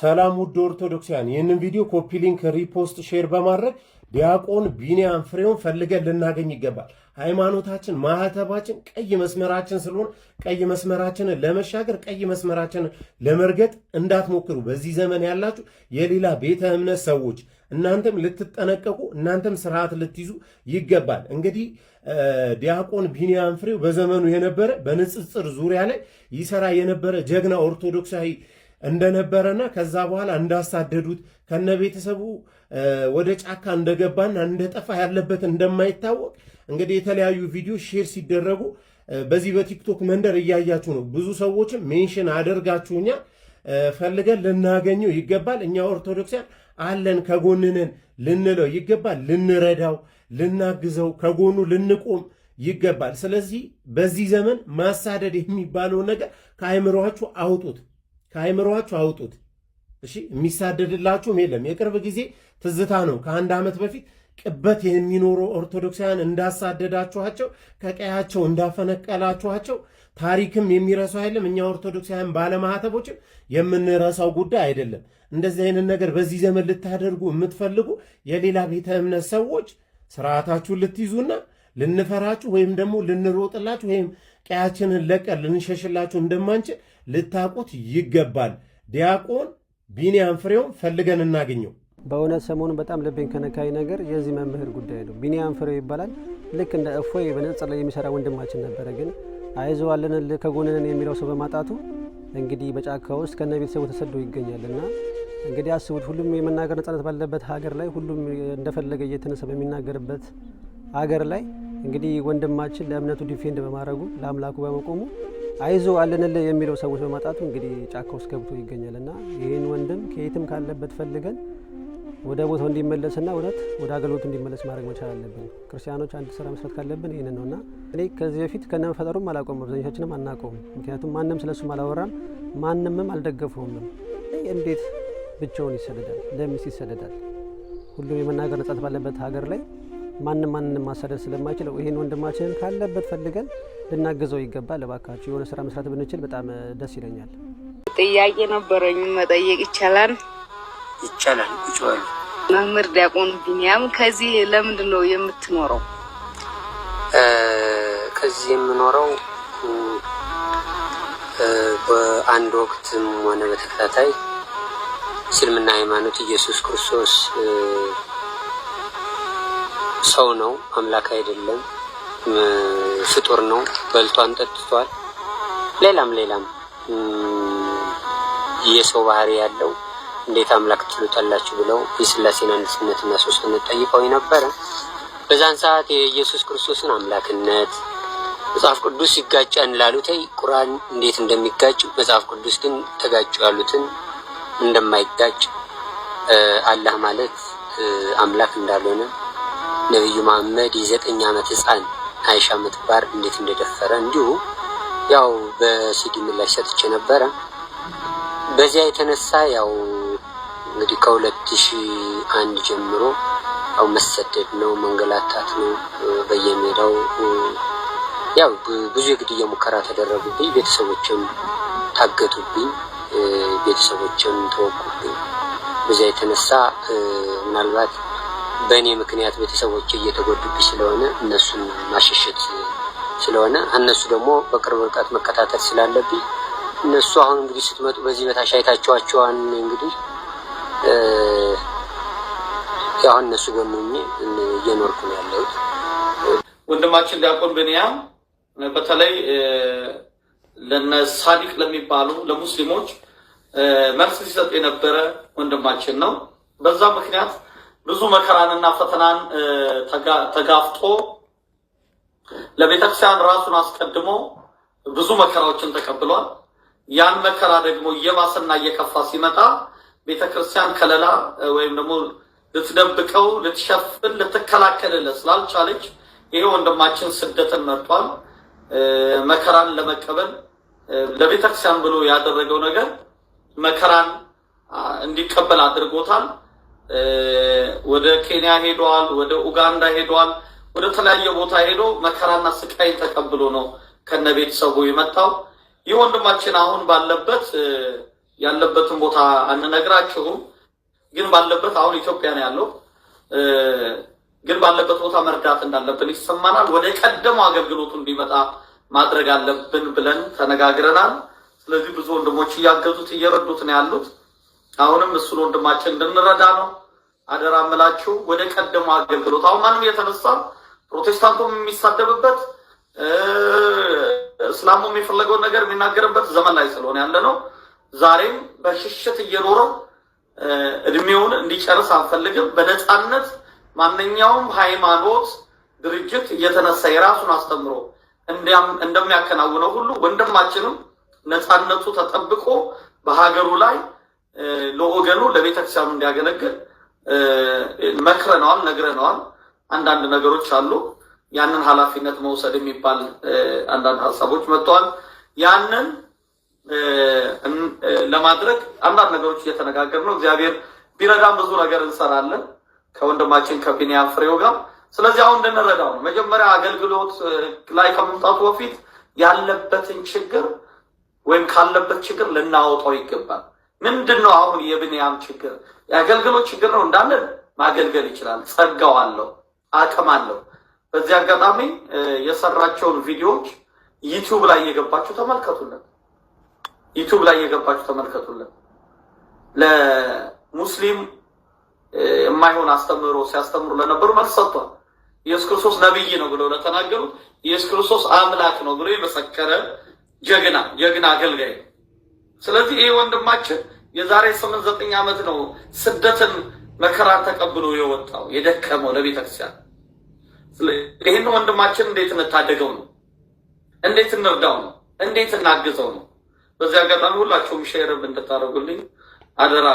ሰላም ውድ ኦርቶዶክሳውያን፣ ይህንን ቪዲዮ ኮፒ ሊንክ፣ ሪፖስት፣ ሼር በማድረግ ዲያቆን ቢንያም ፍሬውን ፈልገን ልናገኝ ይገባል። ሃይማኖታችን፣ ማህተባችን ቀይ መስመራችን ስለሆነ ቀይ መስመራችንን ለመሻገር ቀይ መስመራችንን ለመርገጥ እንዳትሞክሩ። በዚህ ዘመን ያላችሁ የሌላ ቤተ እምነት ሰዎች እናንተም ልትጠነቀቁ እናንተም ስርዓት ልትይዙ ይገባል። እንግዲህ ዲያቆን ቢንያም ፍሬው በዘመኑ የነበረ በንጽጽር ዙሪያ ላይ ይሰራ የነበረ ጀግና ኦርቶዶክሳዊ እንደነበረና ከዛ በኋላ እንዳሳደዱት ከነ ቤተሰቡ ወደ ጫካ እንደገባና እንደጠፋ ያለበት እንደማይታወቅ እንግዲህ የተለያዩ ቪዲዮ ሼር ሲደረጉ በዚህ በቲክቶክ መንደር እያያችሁ ነው። ብዙ ሰዎችም ሜንሽን አደርጋችሁኛ ፈልገን ልናገኘው ይገባል። እኛ ኦርቶዶክሲያን አለን ከጎንንን ልንለው ይገባል። ልንረዳው፣ ልናግዘው፣ ከጎኑ ልንቆም ይገባል። ስለዚህ በዚህ ዘመን ማሳደድ የሚባለውን ነገር ከአይምሯችሁ አውጡት፣ ከአይምሯችሁ አውጡት። እሺ፣ የሚሳደድላችሁም የለም። የቅርብ ጊዜ ትዝታ ነው። ከአንድ ዓመት በፊት ቅበት የሚኖሩ ኦርቶዶክሳውያን እንዳሳደዳችኋቸው ከቀያቸው እንዳፈነቀላችኋቸው ታሪክም የሚረሱ አይደለም። እኛ ኦርቶዶክሳውያን ባለማህተቦችም የምንረሳው ጉዳይ አይደለም። እንደዚህ አይነት ነገር በዚህ ዘመን ልታደርጉ የምትፈልጉ የሌላ ቤተ እምነት ሰዎች ስርዓታችሁን ልትይዙና ልንፈራችሁ ወይም ደግሞ ልንሮጥላችሁ ወይም ቀያችንን ለቀን ልንሸሽላችሁ እንደማንችል ልታውቁት ይገባል። ዲያቆን ቢንያም ፍሬውን ፈልገን እናገኘው። በእውነት ሰሞኑን በጣም ልቤን ከነካኝ ነገር የዚህ መምህር ጉዳይ ነው። ቢኒያም ፍሬው ይባላል። ልክ እንደ እፎይ በነጽር ላይ የሚሰራ ወንድማችን ነበረ። ግን አይዞዋለን ከጎንነን የሚለው ሰው በማጣቱ እንግዲህ በጫካ ውስጥ ከነ ቤተሰቡ ተሰዶ ይገኛልና እንግዲህ አስቡት። ሁሉም የመናገር ነጻነት ባለበት ሀገር ላይ ሁሉም እንደፈለገ እየተነሳ በሚናገርበት ሀገር ላይ እንግዲህ ወንድማችን ለእምነቱ ዲፌንድ በማድረጉ ለአምላኩ በመቆሙ አይዞ አለንልህ የሚለው ሰዎች በማጣቱ እንግዲህ ጫካ ውስጥ ገብቶ ይገኛልና ይህን ወንድም ከየትም ካለበት ፈልገን ወደ ቦታው እንዲመለስና እውነት ወደ አገልግሎት እንዲመለስ ማድረግ መቻል አለብን። ክርስቲያኖች አንድ ስራ መስራት ካለብን ይህን ነውና እኔ ከዚህ በፊት ከነ መፈጠሩም አላቆም አብዛኞቻችንም አናውቀውም። ምክንያቱም ማንም ስለሱም አላወራም፣ ማንምም አልደገፈውም። እንዴት ብቻውን ይሰደዳል? ለምስ ይሰደዳል? ሁሉም የመናገር ነጻት ባለበት ሀገር ላይ ማንም ማንንም ማሳደድ ስለማይችለው ይህን ወንድማችንን ካለበት ፈልገን ልናግዘው ይገባል። እባካችሁ የሆነ ስራ መስራት ብንችል በጣም ደስ ይለኛል። ጥያቄ ነበረኝ፣ መጠየቅ ይቻላል? ይቻላል። ቁጭ በሉ። መምህር ዲያቆን ቢኒያም ከዚህ ለምንድን ነው የምትኖረው? ከዚህ የምኖረው በአንድ ወቅትም ሆነ በተከታታይ እስልምና ሃይማኖት ኢየሱስ ክርስቶስ ሰው ነው፣ አምላክ አይደለም፣ ፍጡር ነው፣ በልቷን ጠጥቷል፣ ሌላም ሌላም የሰው ባህሪ ያለው እንዴት አምላክ ትሉታላችሁ ብለው የስላሴን እና ሶስትነት ጠይቀው ነበረ። በዛን ሰዓት የኢየሱስ ክርስቶስን አምላክነት መጽሐፍ ቅዱስ ይጋጫን ላሉተይ ቁርአን እንዴት እንደሚጋጭ መጽሐፍ ቅዱስ ግን ተጋጩ ያሉትን እንደማይጋጭ አላህ ማለት አምላክ እንዳልሆነ ነቢዩ መሐመድ የዘጠኝ ዓመት ህፃን አይሻ ምትባር እንዴት እንደደፈረ እንዲሁ ያው በሲዲ ምላሽ ሰጥቼ ነበረ። በዚያ የተነሳ ያው እንግዲህ ከሁለት ሺ አንድ ጀምሮ ያው መሰደድ ነው መንገላታት ነው በየሜዳው ያው ብዙ የግድያ ሙከራ ተደረጉብኝ። ቤተሰቦችም ታገቱብኝ፣ ቤተሰቦችም ተወጉብኝ። በዚያ የተነሳ ምናልባት በእኔ ምክንያት ቤተሰቦች እየተጎዱብኝ ስለሆነ እነሱን ማሸሸት ስለሆነ እነሱ ደግሞ በቅርብ ርቀት መከታተል ስላለብኝ እነሱ አሁን እንግዲህ ስትመጡ በዚህ በታች አይታችኋቸዋን እንግዲህ ያው እነሱ ጎን እየኖርኩ ነው ያለሁት። ወንድማችን ዲያቆን ብንያም በተለይ ለነ ሳዲቅ ለሚባሉ ለሙስሊሞች መልስ ሲሰጥ የነበረ ወንድማችን ነው። በዛ ምክንያት ብዙ መከራንና ፈተናን ተጋፍጦ ለቤተክርስቲያን ራሱን አስቀድሞ ብዙ መከራዎችን ተቀብሏል። ያን መከራ ደግሞ እየባሰና እየከፋ ሲመጣ ቤተክርስቲያን ከለላ ወይም ደግሞ ልትደብቀው፣ ልትሸፍን፣ ልትከላከልለት ስላልቻለች ይሄ ወንድማችን ስደትን መርጧል። መከራን ለመቀበል ለቤተክርስቲያን ብሎ ያደረገው ነገር መከራን እንዲቀበል አድርጎታል። ወደ ኬንያ ሄደዋል፣ ወደ ኡጋንዳ ሄዷል። ወደ ተለያየ ቦታ ሄዶ መከራና ስቃይን ተቀብሎ ነው ከነ ቤተሰቡ የመጣው። ይህ ወንድማችን አሁን ባለበት ያለበትን ቦታ አንነግራችሁም፣ ግን ባለበት አሁን ኢትዮጵያ ነው ያለው፣ ግን ባለበት ቦታ መርዳት እንዳለብን ይሰማናል። ወደ ቀደመው አገልግሎቱ እንዲመጣ ማድረግ አለብን ብለን ተነጋግረናል። ስለዚህ ብዙ ወንድሞች እያገዙት እየረዱት ነው ያሉት። አሁንም እሱን ወንድማችን እንድንረዳ ነው አደራ ምላችሁ። ወደ ቀደመው አገልግሎት አሁን ማንም እየተነሳ ፕሮቴስታንቱም የሚሳደብበት እስላሙም የፈለገውን ነገር የሚናገርበት ዘመን ላይ ስለሆነ ያለ ነው። ዛሬም በሽሽት እየኖረ እድሜውን እንዲጨርስ አልፈልግም። በነፃነት ማንኛውም ሃይማኖት ድርጅት እየተነሳ የራሱን አስተምሮ እንደሚያከናውነው ሁሉ ወንድማችንም ነፃነቱ ተጠብቆ በሀገሩ ላይ ለወገኑ ለቤተክርስቲያኑ እንዲያገለግል መክረነዋል፣ ነግረነዋል። አንዳንድ ነገሮች አሉ። ያንን ኃላፊነት መውሰድ የሚባል አንዳንድ ሀሳቦች መጥተዋል። ያንን ለማድረግ አንዳንድ ነገሮች እየተነጋገር ነው። እግዚአብሔር ቢረዳም ብዙ ነገር እንሰራለን ከወንድማችን ከቢኒያም ፍሬው ጋር። ስለዚህ አሁን እንድንረዳው ነው። መጀመሪያ አገልግሎት ላይ ከመምጣቱ በፊት ያለበትን ችግር ወይም ካለበት ችግር ልናወጣው ይገባል። ምንድን ነው አሁን የብንያም ችግር? የአገልግሎት ችግር ነው እንዳለን ማገልገል ይችላል። ጸጋው አለው፣ አቅም አለው። በዚህ አጋጣሚ የሰራቸውን ቪዲዮዎች ዩቲዩብ ላይ እየገባችሁ ተመልከቱለን። ዩቲዩብ ላይ የገባችሁ ተመልከቱልን። ለሙስሊም የማይሆን አስተምህሮ ሲያስተምሩ ለነበሩ መልስ ሰጥቷል። ኢየሱስ ክርስቶስ ነቢይ ነው ብለው ለተናገሩት ኢየሱስ ክርስቶስ አምላክ ነው ብሎ የመሰከረ ጀግና ጀግና አገልጋይ ነው። ስለዚህ ይህ ወንድማችን የዛሬ ስምንት ዘጠኝ ዓመት ነው ስደትን መከራን ተቀብሎ የወጣው የደከመው ለቤተክርስቲያን። ይህን ወንድማችን እንዴት እንታደገው ነው? እንዴት እንርዳው ነው? እንዴት እናግዘው ነው? በዚህ አጋጣሚ ሁላችሁም ሼር እንድታደርጉልኝ አደራ